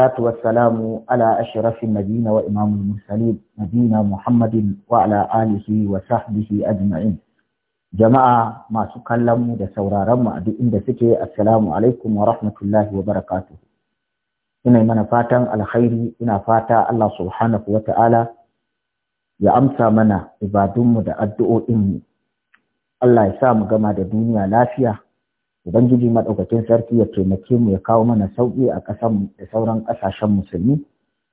والصلاة والسلام على أشرف النبيين وإمام المرسلين نبينا محمد وعلى آله وصحبه أجمعين جماعة ما سكلم دا سورا رمع دي السلام عليكم ورحمة الله وبركاته إن من على الخير إن فاتا الله سبحانه وتعالى يا أمسى منا إبادم دا أدعو إني الله يسام جماعة الدنيا لافيه ubangiji maɗaukakin sarki ya taimake mu ya kawo mana sauƙi a ƙasan da sauran ƙasashen musulmi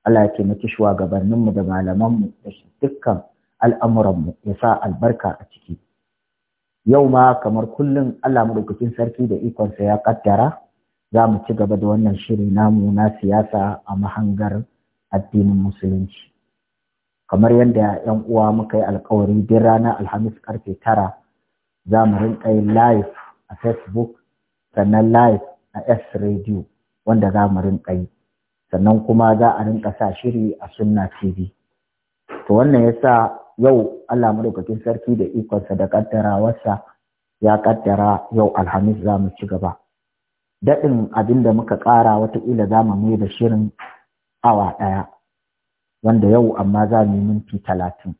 Allah ya taimaki shugabanninmu da malamanmu da dukkan al'amuranmu ya sa albarka a ciki yau ma kamar kullum Allah maɗaukakin sarki da ikonsa ya ƙaddara, za mu ci gaba da wannan shiri namu na siyasa a mahangar addinin musulunci kamar yadda yan uwa muka yi alkawari duk ranar alhamis karfe tara za mu rinka yin live a facebook sannan live a S radio wanda za mu rinka yi sannan kuma za a rinka sa shiri a sunna TV to wannan yasa yau Allah madaukakin sarki da ikonsa da kaddarawarsa ya kaddara yau Alhamis za mu ci gaba daɗin abin da muka ƙara wataƙila za mu mai da shirin awa ɗaya wanda yau amma za mu yi minti talatin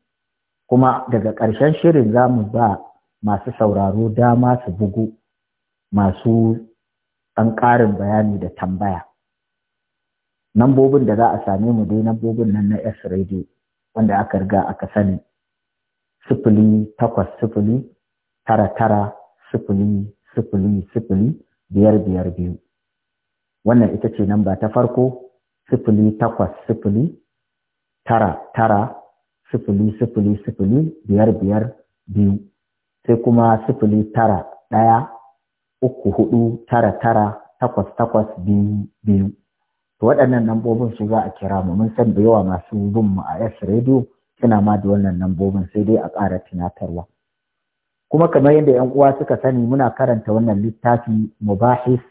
kuma daga ƙarshen shirin za mu ba masu sauraro dama su bugu masu ɗan ƙarin bayani da tambaya. Nambobin da za a same mu dai nambobin nan na S radio wanda aka riga aka sani sifili takwas sifili tara tara sifili sifili sifili biyar biyar biyu. Wannan ita ce namba ta farko sifili takwas sifili tara tara sifili sifili sifili biyar biyar biyu sai kuma sifili tara ɗaya uku hudu tara tara takwas takwas biyu biyu to waɗannan lambobin su za a kira mu mun san da yawa masu bin mu a S radio suna ma da wannan lambobin sai dai a ƙara tunatarwa kuma kamar yadda yan uwa suka sani muna karanta wannan littafi mu mubahis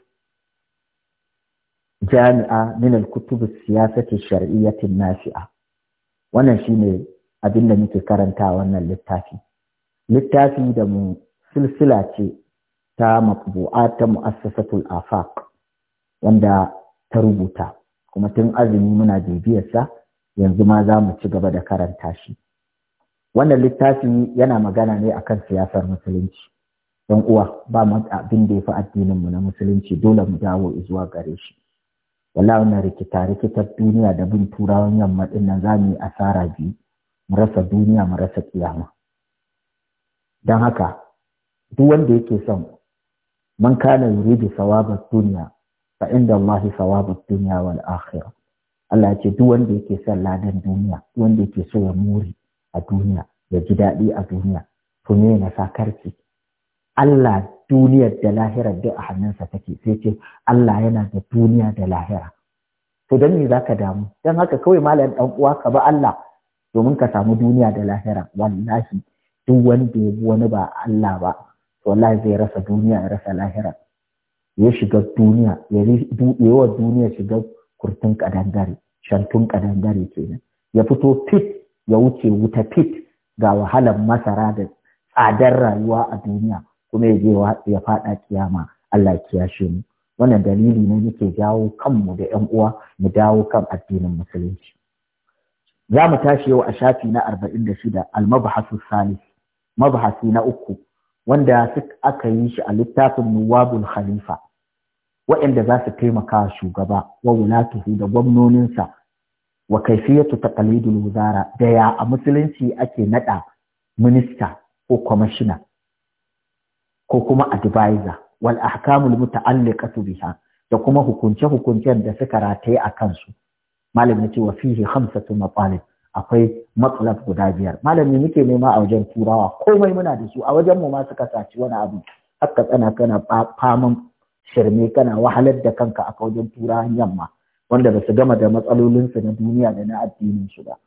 jami'a min al-kutub siyasati shar'iyyatin nafi'a wannan shine abin da muke karanta wannan littafi littafi da mu silsila ce ta matbu'a ta mu'assasatul afaq wanda ta rubuta kuma tun azumi muna sa yanzu ma za mu ci gaba da karanta shi wannan littafin yana magana ne akan siyasar musulunci don uwa ba mu abin da ya fi addinin mu na musulunci dole mu dawo zuwa gare shi wallahi wannan rikita rikitar duniya da bin turawan yamma din nan za mu yi asara biyu mu rasa duniya mu rasa kiyama don haka duk wanda yake son man kana yuridu thawabad dunya fa inda Allah thawabad dunya wal akhirah Allah ya ce duk wanda yake son ladan duniya duk wanda yake so ya muri a duniya ya ji daɗi a duniya to me na sakarci Allah duniyar da lahirar duk a hannunsa take sai ce Allah yana da duniya da lahira to don me zaka damu don haka kawai malam dan uwa ka ba Allah domin ka samu duniya da lahira wallahi duk wanda ya bi wani ba Allah ba wallahi zai rasa duniya ya rasa lahira ya shiga duniya ya wa duniya shiga kurtun kadangare shantun kadangare kenan ya fito fit ya wuce wuta fit ga wahalar masara da tsadar rayuwa a duniya kuma ya je ya faɗa kiyama Allah kiyashe mu wannan dalili ne nake jawo kanmu da ƴan uwa mu dawo kan addinin musulunci za mu tashi yau a shafi na 46 al-mabhasu salis mabhasi na uku wanda aka yi shi a littafin nuwabul khalifa waɗanda za su taimaka shugaba wa wulatuhu da gwamnoninsa wa kaifiyatu taqlidul wuzara da ya a musulunci ake nada minista ko kwamishina ko kuma advisor wal ahkamul muta'alliqatu biha da kuma hukunce-hukuncen da suka rataye a kansu malam ya ce wa fihi khamsatu matalib akwai matsalaf guda biyar malami muke nema a wajen turawa komai muna da su a wajen mu ma suka saci wani abu haka tsana kana faman shirme kana wahalar da kanka a wajen turawan yamma wanda ba su gama da matsalolinsu na duniya da na addinin su ba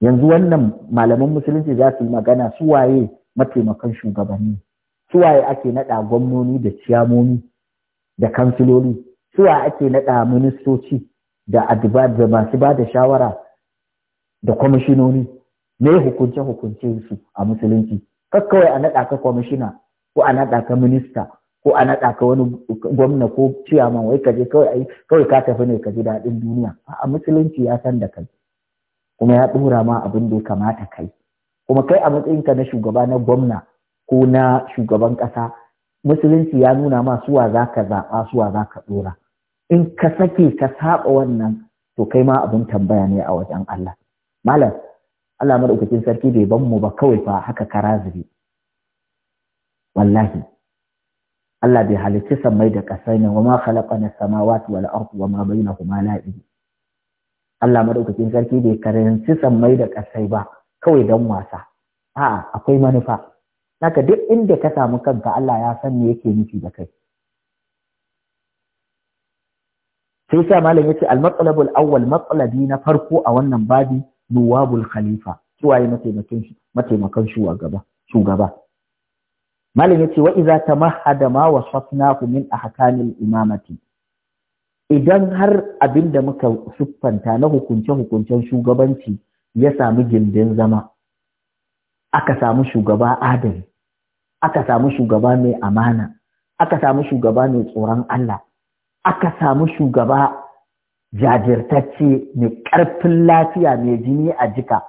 yanzu wannan malaman musulunci za su yi magana su waye mataimakan shugabanni su waye ake naɗa gwamnoni da ciyamomi da kansiloli su waye ake naɗa ministoci da da masu ba da shawara da kwamishinoni me hukunce hukunce su a musulunci kawai a naɗa ka kwamishina ko a naɗa ka minista ko a naɗa ka wani gwamna ko ciyaman wai ka je kawai kawai ka tafi ne ka ji daɗin duniya a musulunci ya san da kai kuma ya ɗora ma abin da ya kamata kai kuma kai a matsayin ka na shugaba na gwamna ko na shugaban ƙasa musulunci ya nuna ma suwa za ka zaɓa suwa za ka ɗora in ka sake ka saɓa wannan to kai ma abin tambaya ne a wajen Allah malam Allah madaukakin sarki bai ban mu ba kawai fa haka kara zube wallahi Allah bai halicci sammai da kasai ne wa ma khalaqana samawati wal ardi wa ma bainahuma la'ib Allah madaukakin sarki bai karanci sammai da ƙasai ba kawai dan wasa a'a akwai manufa haka duk inda ka samu kanka Allah ya san me yake nufi da kai sai sa malam yace al-matlabul awwal matlabi na farko a wannan babi nuwabul khalifa suwaye mataimakin shi mataimakan shugaba shugaba malam yace wa idza tamahada ma wasafnahu min ahkamil imamati idan har abin da muka siffanta na hukunce-hukuncen shugabanci ya samu gindin zama, aka samu shugaba adali, aka samu shugaba mai amana, aka samu shugaba mai tsoron Allah, aka samu shugaba jajirtacce mai ƙarfin lafiya mai jini a jika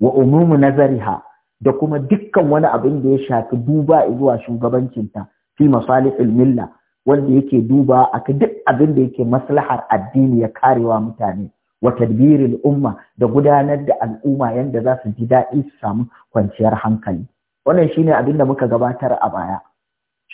wa umumu nazariha da kuma dukkan wani abin da ya shafi duba zuwa shugabancinta fi masalihil milla wanda yake duba aka duk abin da yake maslahar addini ya karewa mutane wa tadbiril umma da gudanar da al'umma yanda za su ji daɗi su samu kwanciyar hankali wannan shine abin da muka gabatar a baya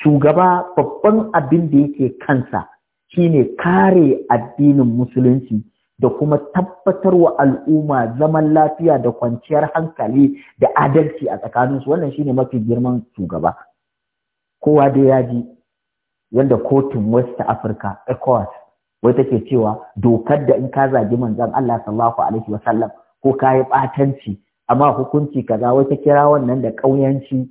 shugaba babban abin da yake kansa shine kare addinin musulunci da kuma tabbatar wa al'umma zaman lafiya da kwanciyar hankali da adalci a tsakaninsu wannan shine mafi girman shugaba kowa da ya ji yadda kotun west africa ecowas wai take cewa dokar da in ka zagi manzon allah sallallahu alaihi wasallam ko ka yi ɓatanci amma hukunci kaza wai ta kira wannan da ƙauyanci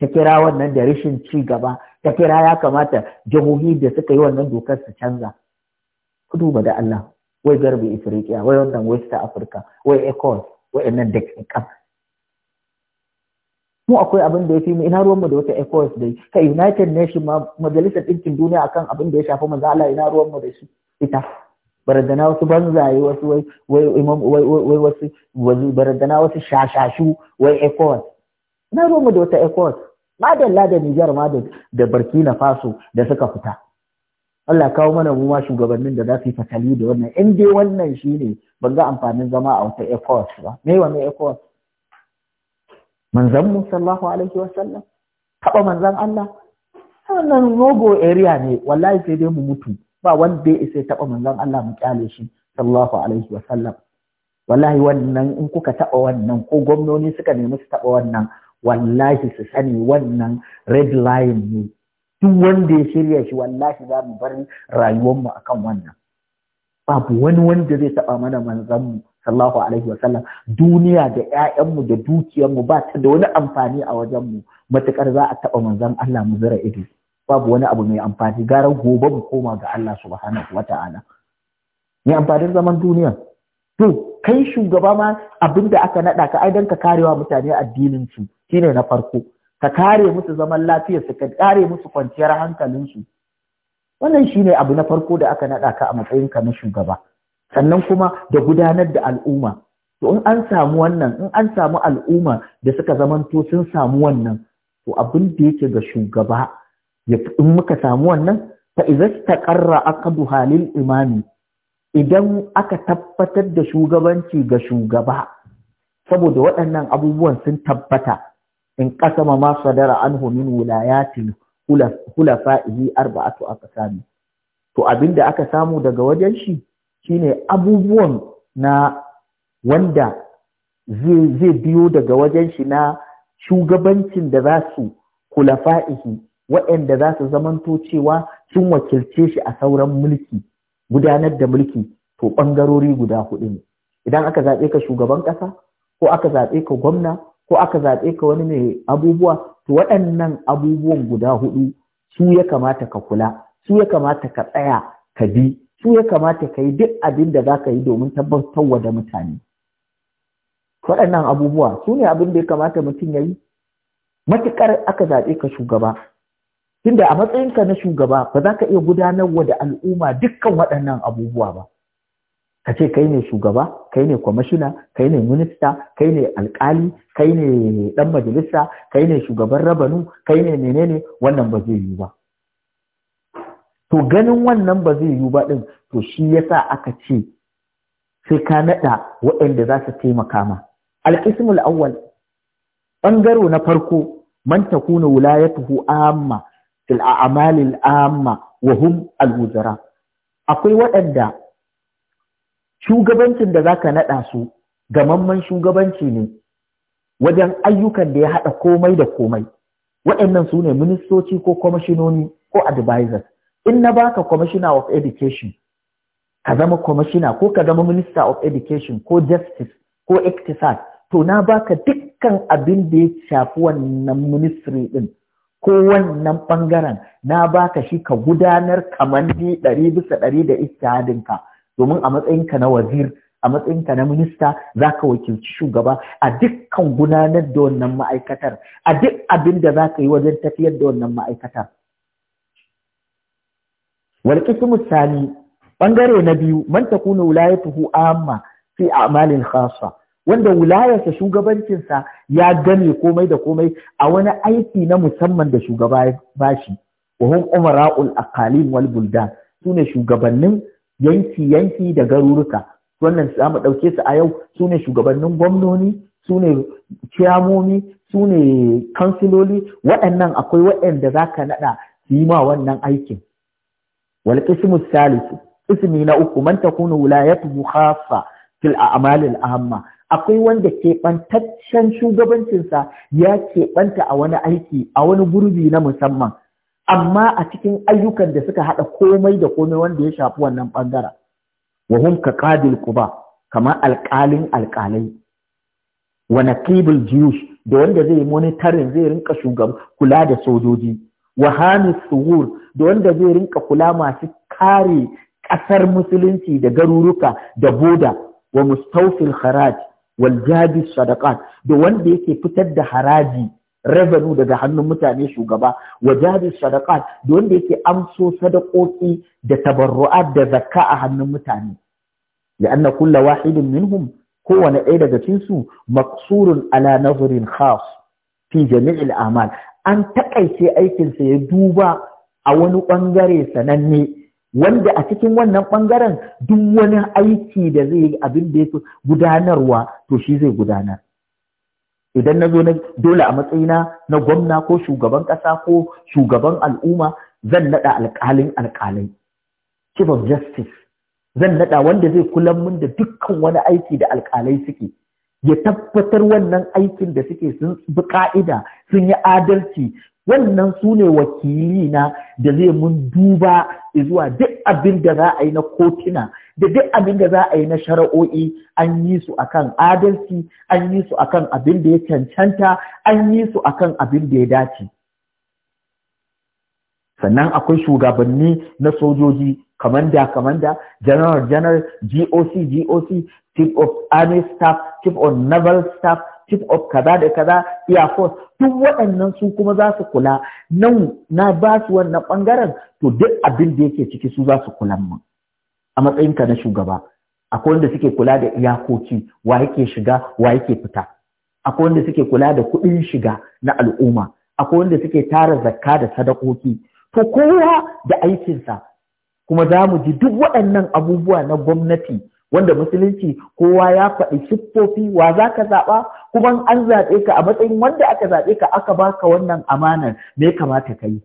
ta kira wannan da rashin ci gaba ta kira ya kamata jihohi da suka yi wannan dokar su canza ku duba da Allah wai garbi Ifriqiya wai wannan West Africa wai ECOWAS wai nan da ke kan mu akwai abin da ya fi mu ina ruwanmu da wata ECOWAS da ka United Nation ma majalisar ɗinkin duniya akan abin da ya shafi manzo Allah ina ruwanmu da shi ita baradana wasu banzaye wasu wai wai imam wai wai wasu baradana wasu shashashu wai ECOWAS ina ruwanmu da wata ECOWAS madalla da Nijar ma da Burkina Faso da suka fita Allah kawo mana mu ma shugabannin da za su yi fatali da wannan in dai wannan shine ban ga amfanin zama a wata ECOWAS ba me wannan ECOWAS manzon mu sallallahu alaihi wasallam taba manzon Allah wannan logo area ne wallahi sai dai mu mutu ba wanda ya isa taba manzon Allah mu kyale shi sallallahu alaihi wasallam wallahi wannan in kuka taba wannan ko gwamnoni suka nemi su taba wannan wallahi su sani wannan red line ne duk wanda ya shirya shi wallahi za mu bar rayuwarmu akan wannan babu wani wanda zai taba mana manzanmu sallallahu alaihi wasallam duniya da mu da dukiyarmu ba ta da wani amfani a wajenmu matuƙar za a taɓa manzan Allah mu zira ido babu wani abu mai amfani gara gobe mu koma ga Allah subhanahu wata'ala Ni amfanin zaman duniya to kai shugaba ma abinda aka naɗa ka aidan ka karewa mutane addinin su shine na farko ka kare musu zaman lafiyar su ka kare musu kwanciyar hankalinsu wannan shine abu na farko da aka naɗa ka a matsayinka na shugaba sannan kuma da gudanar da al'umma to in an samu wannan in an samu al'umma da suka zamanto sun samu wannan to abin da yake ga shugaba in muka samu wannan fa idza taqarra aqduha lil imani idan aka tabbatar da shugabanci ga shugaba saboda waɗannan abubuwan sun tabbata in kasama ma sadara anhu min wulayatin hulafa'ihi arba'atu aqsami to abinda aka samu daga wajen shi shine abubuwan na wanda zai biyo daga wajen shi na shugabancin da za su kulafa'ihi waɗanda za su zamanto cewa sun wakilce shi a sauran mulki gudanar da mulki to ɓangarori guda hudu ne idan aka zaɓe ka shugaban ƙasa ko aka zaɓe ka gwamna ko aka zaɓe ka wani mai abubuwa to waɗannan abubuwan guda hudu su ya kamata ka kula su ya kamata ka tsaya ka bi su ya kamata ka yi duk abin da za ka yi domin tabbatarwa da mutane waɗannan abubuwa su ne abin da ya kamata mutum ya yi matuƙar aka zaɓe ka shugaba tunda a matsayinka na shugaba ba za ka iya gudanarwa da al'umma dukkan waɗannan abubuwa ba ka ce kai ne shugaba kai ne kwamishina kai ne minista kai ne alkali kai ne dan majalisa kai ne shugaban rabanu kai ne menene wannan ba zai yi ba to ganin wannan ba zai yi ba ɗin, to shi yasa aka ce sai ka naɗa waɗanda za su taimaka ma alqismul awwal ɓangaro na farko man takuna wilayatuhu amma fil a'malil amma wa hum al akwai waɗanda shugabancin da zaka naɗa su gamamman shugabanci ne wajen ayyukan da ya haɗa komai da komai waɗannan su ne ministoci ko kwamishinoni ko advisors in na baka commissioner of education ka zama commissioner ko ka zama minister of education ko justice ko iktisad to na baka dukkan abin da ya shafi wannan ministry din ko wannan bangaren na baka shi ka gudanar kamar ne ɗari bisa ɗari da istihadinka domin a matsayinka na wazir a matsayinka na minista za ka wakilci shugaba a dukkan gudanar da wannan ma'aikatar a duk abin da za ka yi wajen tafiyar da wannan ma'aikatar walƙisimu sani ɓangare na biyu man wulaya tuhu amma fi a'malin Khasa, wanda wulayarsa shugabancinsa ya game komai da komai a wani aiki na musamman da shugaba ya bashi wa umara ul aqalin wal buldan sune shugabannin yanki yanki da garuruka wannan za mu ɗauke su a yau su ne shugabannin gwamnoni su ne ciyamomi su ne kansiloli waɗannan akwai waɗanda za ka naɗa su yi ma wannan aikin wal qismu salisu ismi na uku man takunu wulayatu khaffa fil a'malil ahamma akwai wanda ke bantaccen shugabancinsa ya ke banta a wani aiki a wani gurbi na musamman amma a cikin ayyukan da suka haɗa komai da komai wanda ya shafi wannan ɓangaren wa hum ka ku ba, kamar alƙalin alƙalai wa naqibul jiyush da wanda zai monitarin zai rinka shugaban kula da sojoji wa hamis suhur da wanda zai rinka kula masu kare ƙasar musulunci da garuruka da boda wa mustawfil kharaj wal jadi sadaqat da wanda yake fitar da haraji revenue daga hannun mutane shugaba wa jari sadaqat da wanda yake amso sadakoki da tabarru'at da zakka a hannun mutane li'anna kullu wahidin minhum kowane ɗaya daga cikin su maqsurun ala nazrin khas fi jami'il a'mal an takaice aikin sa ya duba a wani bangare sananne wanda a cikin wannan bangaren duk wani aiki da zai abin da yake gudanarwa to shi zai gudanar idan na zo dole a matsayina na gwamna ko shugaban ƙasa ko shugaban al'umma zan naɗa alƙalin alƙalai chief of justice zan naɗa wanda zai kula min da dukkan wani aiki da alƙalai suke ya tabbatar wannan aikin da suke sun bi ka'ida sun yi adalci wannan su ne wakilina da zai mun duba zuwa duk abin da za a yi na kotuna da duk abin da za a yi na shara'o'i an yi su akan adalci an yi su akan abin da ya cancanta an yi su akan abin da ya dace sannan akwai shugabanni na sojoji kamanda kamanda general general goc goc chief of army staff chief of naval staff chief of kaza da kaza air force duk waɗannan su kuma za su kula nan na ba su wannan ɓangaren to duk abin da yake ciki su za su kula mun a matsayinka na shugaba akwai wanda suke kula da iyakoki wa yake shiga wa yake fita akwai wanda suke kula da kuɗin shiga na al'umma akwai wanda suke tara zakka da sadakoki to kowa da aikinsa kuma za mu ji duk waɗannan abubuwa na gwamnati wanda musulunci kowa ya faɗi siffofi wa za ka zaɓa kuma an zaɓe ka a matsayin wanda aka zaɓe ka aka baka wannan amanar me kamata ka yi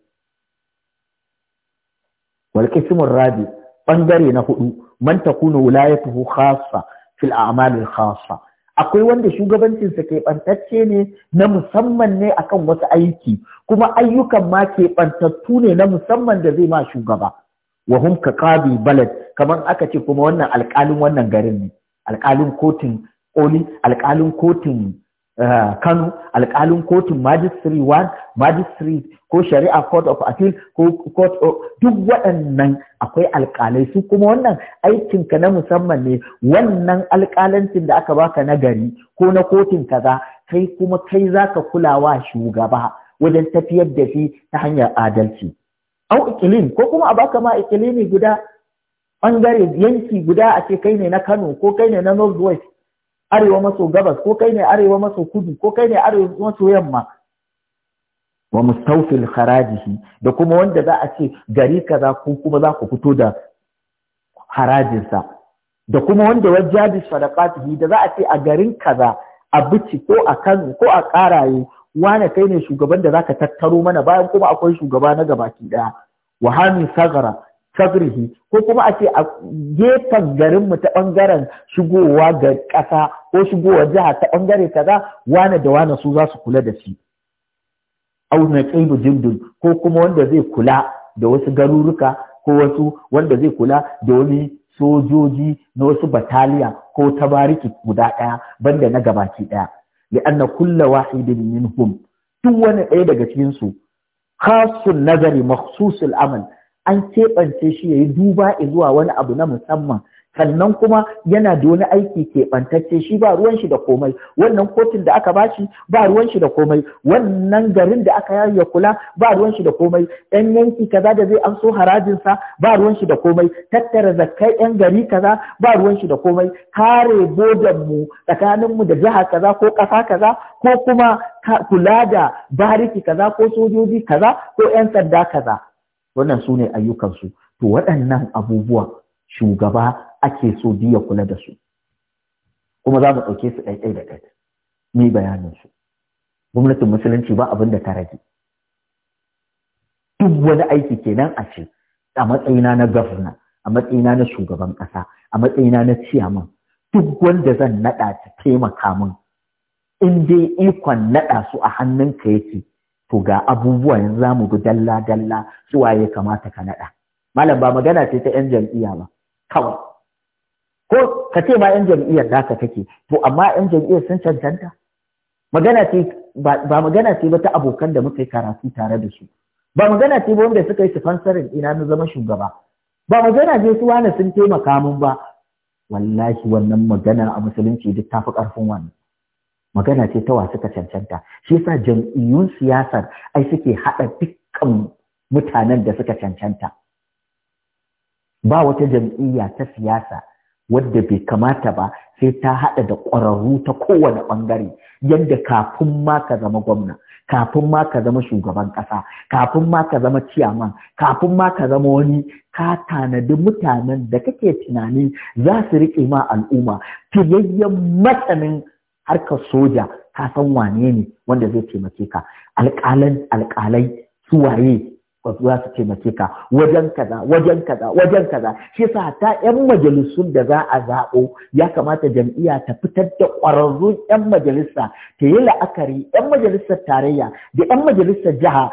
wal rabi bangare na hudu man takunu wilayatuhu khassa fil a'malil khassa akwai wanda shugabancinsa keɓantacce ne na musamman ne akan wasu aiki kuma ayyukan ma keɓantattu ne na musamman da zai ma shugaba wa hum ka qabi balad kamar aka ce kuma wannan alƙalin wannan garin ne alƙalin kotun koli alƙalin kotun Eh, Kano alƙalin kotun Majistri 1, Majistri ko Shari'a Court of Appeal ko Court of duk waɗannan akwai alƙalai su kuma wannan aikinka na musamman ne wannan alƙalancin da aka baka na gari ko na kotun kaza kai kuma kai za zaka wa shugaba wajen tafiyar da shi ta hanyar adalci. Au ikilin ko kuma a baka ma ikilini guda ɓangare yanki guda a ce kai ne na Kano ko kai ne na North West arewa maso gabas ko kai ne arewa maso kudu ko kai ne arewa maso yamma wa mustawfil harajihi da kuma wanda za a ce gari kaza ko kuma za ku fito da harajinsa da kuma wanda wajjabi sadaqatihi da za a ce a garin kaza a bici ko a Kano ko a Karaye wane kai ne shugaban da zaka tattaro mana bayan kuma akwai shugaba na gabaki daya wa hami sagara sadrihi ko kuma a ce a gefen garin mu ta bangaren shigowa ga ƙasa ko shigowa jiha ta bangare kaza wane da wane su za su kula da shi au na qaibu ko kuma wanda zai kula da wasu garuruka ko wasu wanda zai kula da wani sojoji na wasu bataliya ko tabariki guda ɗaya banda na gabaki ɗaya li'anna kulla wahidin minhum duk wani ɗaya daga cikin su khasun nazari makhsusul amal an keɓance shi ya yi duba zuwa wani abu na musamman sannan kuma yana da wani aiki keɓantacce shi ba ruwan shi da komai wannan kotun da aka bashi ba ruwan shi da komai wannan garin da aka ya kula ba ruwan shi da komai 'yan yanki kaza da zai amso harajin sa ba ruwan shi da komai tattara zakkai ɗan gari kaza ba ruwan shi da komai kare bodan mu tsakanin mu da jiha kaza ko ƙasa kaza ko kuma kula da bariki kaza ko sojoji kaza ko 'yan sanda kaza wannan su ne ayyukansu to waɗannan abubuwan shugaba ake so biya kula da su kuma za mu ɗauke su ɗaiɗai da ɗaiɗai ni bayanin su gwamnatin musulunci ba abin da ta rage duk wani aiki kenan a ce a matsayina na gwamna a matsayina na shugaban ƙasa a matsayina na ciyaman duk wanda zan naɗa ta taimaka min in dai ikon naɗa su a hannunka yake to ga abubuwa yanzu za mu bi dalla dalla suwa ya kamata ka naɗa malam ba magana ce ta yan jam'iyya ba kawai ko ka ce ma yan jam'iyyar naka kake to amma yan jam'iyyar sun cancanta ba magana ce ba ta abokan da muka yi karatu tare da su ba magana ce ba wanda suka yi sifansarin ina na zama shugaba ba magana ce su wani sun taimaka mun ba wallahi wannan magana a musulunci duk tafi ƙarfin wannan magana ce ta suka cancanta shi yasa jam'iyyun siyasar ai suke haɗa dukkan mutanen da suka cancanta ba wata jam'iyya ta siyasa wadda bai kamata ba sai ta haɗa da ƙwararru ta kowane ɓangare yadda kafin ma ka zama gwamna kafin ma ka zama shugaban ƙasa kafin ma ka zama ciyaman kafin ma ka zama wani ka tanadi mutanen da kake tunani za su riƙe ma al'umma fiyayyen matsanin harkar soja ka san wane ne wanda zai taimake ka alƙalan alƙalai su waye za su taimake ka wajen kaza wajen kaza wajen kaza shi yasa ta yan majalisun da za a zaɓo ya kamata jam'iyya ta fitar da ƙwararrun yan majalisa ta yi la'akari yan majalisar tarayya da yan majalisar jiha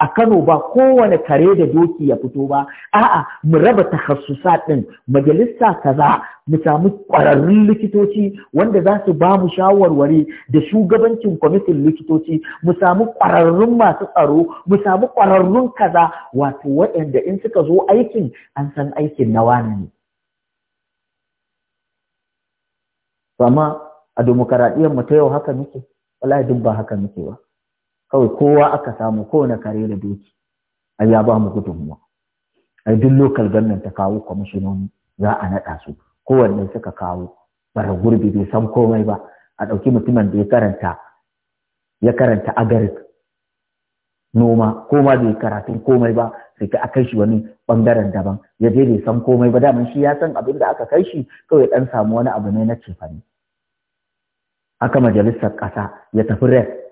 a Kano ba kowane kare da doki ya fito ba a'a mu raba takassusa ɗin majalisa kaza mu samu ƙwararrun likitoci wanda za su ba mu shawarwari da shugabancin kwamitin likitoci mu samu ƙwararrun masu tsaro mu samu ƙwararrun kaza wato waɗanda in suka zo aikin an san aikin na wani ne Sama a dimokaraɗiyar mu ta yau haka muke wallahi duk ba haka muke ba kawai kowa aka samu kowane kare da doki A ya ba mu gudunmuwa a duk lokal gannan ta kawo kwamishinoni za a naɗa su kowanne suka kawo bara gurbi bai san komai ba a ɗauki mutumin da ya karanta ya karanta agarik noma ko ma bai karatun komai ba sai ka kai shi wani bangaren daban ya je bai san komai ba daman shi ya san abin da aka kai shi kawai ɗan samu wani abu ne na cefane Aka majalisar ƙasa ya tafi rest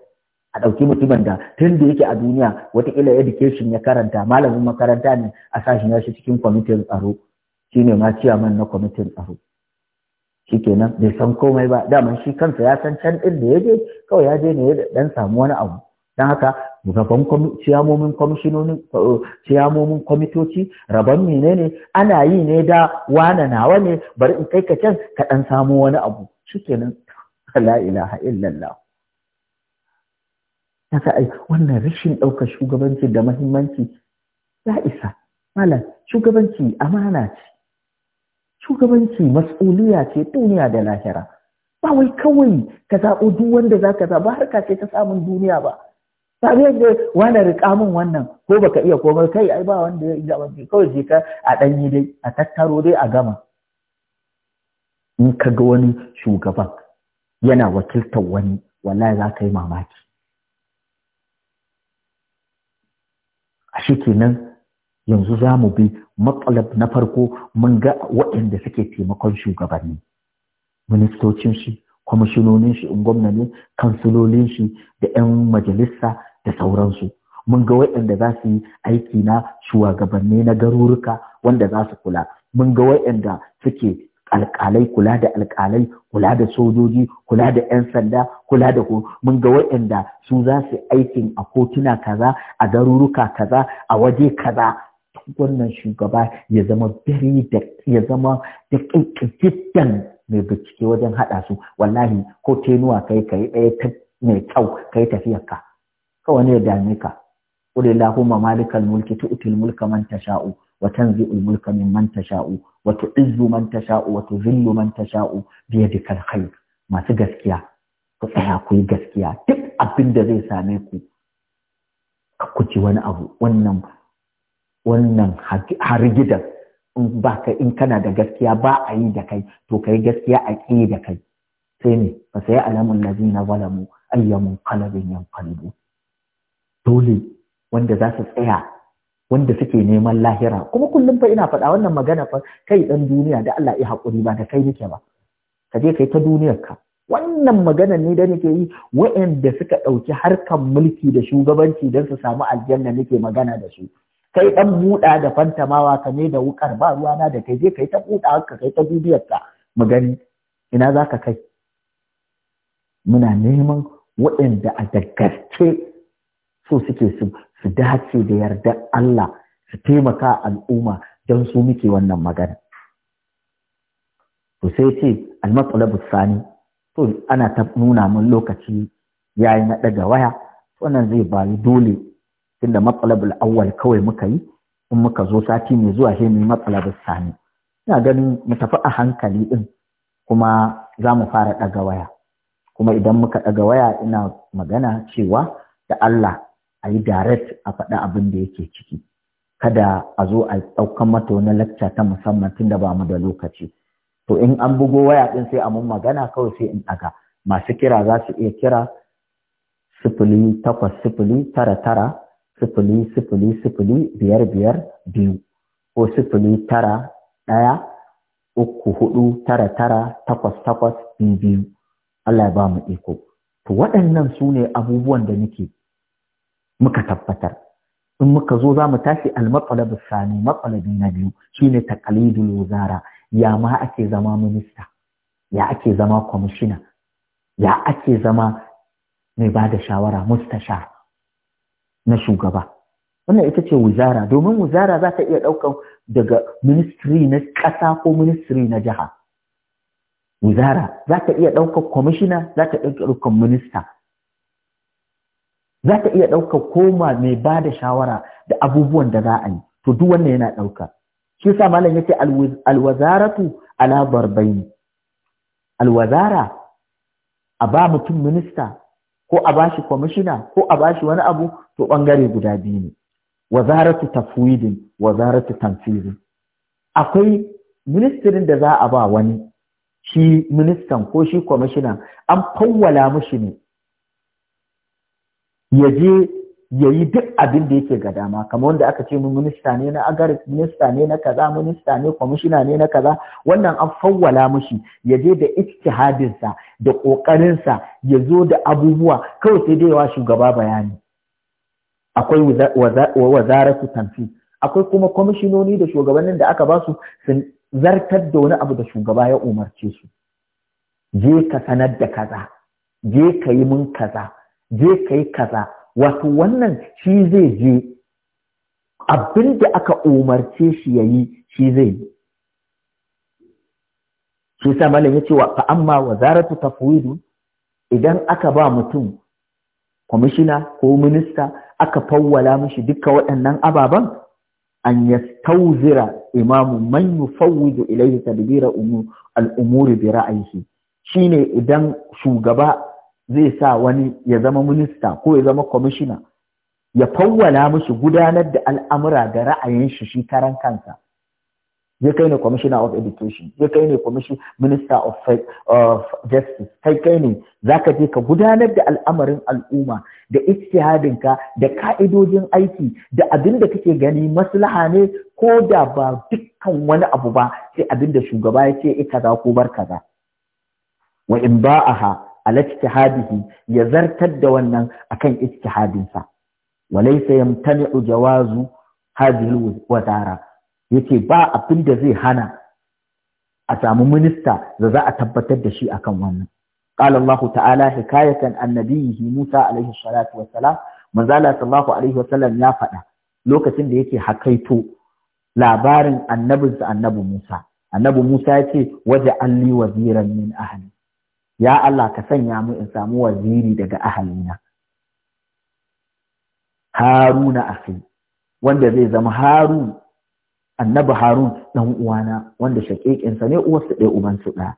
a ɗauki mutumin da tun da yake a duniya wataƙila education ya karanta malamin makaranta ne a sashen ya shi cikin kwamitin tsaro shi ne ma ciyaman na kwamitin tsaro shi kenan bai san komai ba daman shi kansa ya san can ɗin da ya je kawai ya je ne ya ɗan samu wani abu don haka rabon ciyamomin kwamishinoni ciyamomin kwamitoci rabon menene ana yi ne da wane nawa ne bari in kai ka can ka ɗan samu wani abu shi kenan la ilaha illallah kaga ai wannan rashin ɗaukar shugabanci da mahimmanci ya isa malam shugabanci amana ce shugabanci mas'uliya ce duniya da lahira ba wai kawai ka zaɓo duk wanda za ka zaɓa ka ce ta samun duniya ba ba ne da wani riƙa min wannan ko baka iya komai kai ai ba wanda ya zaɓa kawai je ka a ɗanyi dai a tattaro dai a gama in ka ga wani shugaban yana wakiltar wani wallahi za ka yi mamaki shi kenan yanzu za mu bi matsalab na farko mun ga waɗanda suke taimakon shugabanni ministocin shi kwamishinonin shi in gwamna shi da 'yan majalisa da sauransu mun ga waɗanda za su yi aiki na shugabanni na garuruka wanda za su kula mun ga waɗanda suke alƙalai kula da alƙalai kula da sojoji kula da 'yan sanda kula da mun ga waɗanda su za su aikin a kotuna kaza a garuruka kaza a waje kaza wannan shugaba ya zama biri da ya zama da mai bincike wajen haɗa su wallahi ko tenuwa kai ka yi ɗaya mai kyau ka yi ka kawai ne ya dame ka قل Ma مالك mulki tu'til mulka man tasha'u wa tanzi'ul mulka mimman tasha'u wato tu'izzu man tasha'u wa tuzillu man tasha'u bi yadikal khair masu gaskiya ku tsaya ku gaskiya duk abin da zai same ku ka kuci wani abu wannan wannan hargidan in kana da gaskiya ba a yi da kai to kai gaskiya a ƙe da kai sai ne ba sai alamun lazina zalamu ayyamun qalbin yanqalibu dole wanda za su tsaya wanda suke neman lahira kuma kullum fa ina faɗa wannan magana fa kai ɗan duniya da Allah ya haƙuri ba da kai nake ba ka je kai ta duniyar ka wannan magana ne da nake yi waɗanda suka ɗauki harkan mulki da shugabanci don su samu aljanna nake magana da su kai ɗan buɗa da fantamawa ka ne da wukar ba ruwana da kai je kai ta buɗa ka kai ta duniyar ka magani ina za ka kai muna neman waɗanda a daggarce so suke su su dace da yarda Allah su taimaka al'umma don su muke wannan magana to sai ce al sani to ana ta nuna min lokaci yayi na daga waya wannan zai bayi dole tunda matsalabul awwal kawai muka yi in muka zo sati mai zuwa sai mai matsala sani ina ganin mu tafi a hankali ɗin kuma za mu fara ɗaga waya kuma idan muka ɗaga waya ina magana cewa da Allah a yi direct a faɗi abin da yake ciki kada a zo a ɗaukan mata wani lacca ta musamman tun da ba mu da lokaci to in an bugo waya ɗin sai a mun magana kawai sai in ɗaga masu kira za su iya kira sifili takwas sifili tara tara sifili sifili sifili biyar biyar biyu ko sifili tara ɗaya uku hudu tara tara takwas takwas biyu biyu Allah ya ba mu iko to waɗannan su ne abubuwan da nake muka tabbatar in muka zo za mu tashi al-matsalabus sani matsalabi na biyu shine taqlidul wuzara ya ma ake zama minista ya ake zama kwamishina ya ake zama mai ba da shawara mustashar na shugaba wannan ita ce wuzara domin wuzara za ta iya ɗaukan daga ministry na ƙasa ko ministry na jiha wuzara za ta iya ɗaukan kwamishina za ta iya minista za ta iya ɗauka koma mai ba da shawara da abubuwan da za a yi to duk wannan yana ɗauka shi yasa malam yace alwazaratu ala barbaini alwazara a ba mutum minista ko a bashi kwamishina ko a bashi wani abu to bangare guda biyu ne wazaratu tafwidin wazaratu tanfizin akwai ministirin da za a ba wani shi ministan ko shi kwamishina an fawwala mushi ne ya je ya yi duk abin da yake ga dama kamar wanda aka ce minista ne na agar minista ne na kaza minista ne kwamishina ne na kaza wannan an fawwala mushi ya je da ijtihadinsa da ƙoƙarinsa ya zo da abubuwa kawai sai dai yawa shugaba bayani akwai wazaratu tanfi akwai kuma kwamishinoni da shugabannin da aka ba su sun zartar da wani abu da shugaba ya umarce su je ka sanar da kaza je ka yi mun kaza je ka yi kaza wato wannan shi zai je abin da aka umarce shi ya yi shi zai yi shi sa malam ya ce wa fa amma wazaratu tafwidu idan aka ba mutum kwamishina ko minista aka fawwala mishi duka waɗannan ababen an Tauzira imamu man yufawwidu ilayhi tadbira al'umuri bi shi shine idan shugaba zai sa wani ya zama minista ko ya zama kwamishina ya fawwala musu gudanar da al'amura da ra'ayin shi shi karan kansa zai kai ne commissioner of education zai kai ne minister of, justice kai kai ne zaka je ka gudanar da al'amarin al'umma da ka da ka'idojin aiki da abin da kake gani maslaha ne ko da ba dukkan wani abu ba sai abin da shugaba ya ce ita eh, za ko bar kaza wa in ba'aha ala ya zartar da wannan akan ijtihadinsa walaysa yamtani'u jawazu hadhihi wadara yace ba abin da zai hana a samu minista da za a tabbatar da shi akan wannan قال الله تعالى حكاية عن نبيه موسى عليه الصلاة والسلام من صلى الله عليه وسلم يا da yake hakaito labarin annabinsa annabi Musa annabi Musa ce waje alli waziran min ahli ya Allah ka sanya mu in samu waziri daga ahalina haruna akhi wanda zai zama harun annabi harun dan uwana wanda shaƙiƙinsa ne dai ɗaya ubansu ɗaya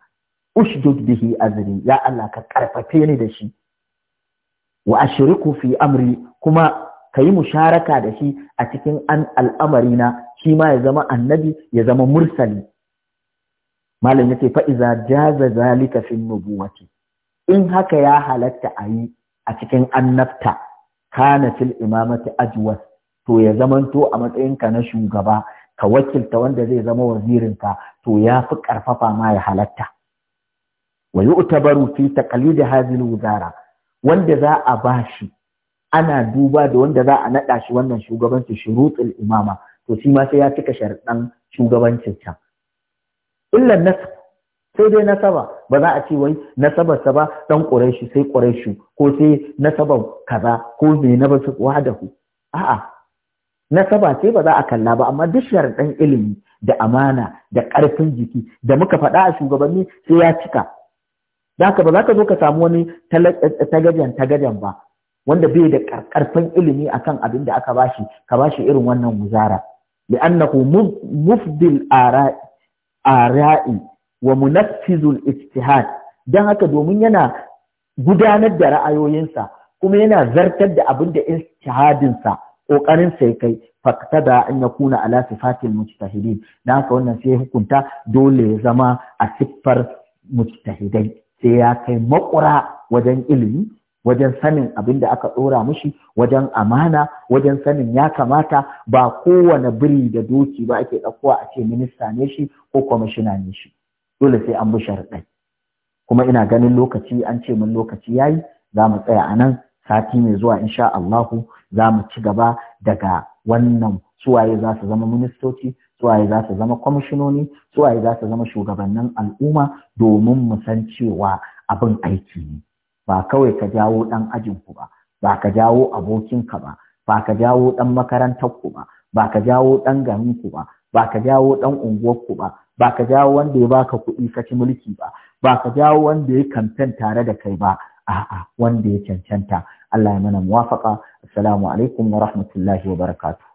ushdud bihi azri ya Allah ka karfafe ni da shi wa ashriku fi amri kuma ka yi musharaka da shi a cikin an al'amarina shi ma ya zama annabi ya zama mursali malam ya ce iza jaza zalika fi nubuwati in haka ya halatta a yi a cikin annabta kana fil imamati ajwas to ya zamanto a matsayinka na shugaba ka wakilta wanda zai zama wazirinka to ya fi karfafa ma ya halatta wa ta fi da hadhihi wuzara wanda za a bashi ana duba da wanda za a naɗa shi wannan shugabanci shurutul imama to shi ma sai ya cika sharaɗan shugabancin can illa nasab sai dai nasaba ba za a ce wai nasabarsa ba dan quraishi sai quraishi ko sai nasabar kaza ko me na basu ku. a'a nasaba sai ba za a kalla ba amma duk ɗan ilimi da amana da ƙarfin jiki da muka faɗa a shugabanni sai ya cika da haka ba za ka zo ka samu wani tagajen tagajen ba wanda bai da karfin ilimi akan abin da aka bashi ka bashi irin wannan muzara li'annahu mufdil ara A ara'i wa munaffizul ijtihad dan haka domin yana gudanar da ra'ayoyinsa kuma yana zartar da abin da ƙoƙarinsa kokarin sai kai da an yakuna ala sifatil mujtahidin dan haka wannan sai hukunta dole ya zama a siffar mujtahidai sai ya kai makura wajen ilimi wajen sanin abin da aka ɗora mushi wajen amana wajen sanin ya kamata ba kowane biri da doki ba ake ɗaukowa a ce minista ne shi ko kwamishina ne shi dole sai an bi sharaɗai kuma ina ganin lokaci an ce min lokaci yayi za mu tsaya a nan sati mai zuwa insha Allahu za mu ci gaba daga wannan suwaye za su zama ministoci suwaye za su zama kwamishinoni suwaye za su zama shugabannin al'umma domin mu san cewa abin aiki ne ba kawai ka jawo ɗan ajinku ba ba ka jawo abokinka ba ba ka jawo ɗan makarantarku ba ba ka jawo ɗan garinku ba ba ka jawo ɗan unguwarku ba ba ka jawo wanda ya baka kuɗi ka ci mulki ba ba ka jawo wanda ya kamfen tare da kai ba a'a wanda ya cancanta Allah ya mana muwafaka assalamu alaikum wa rahmatullahi wa barakatuh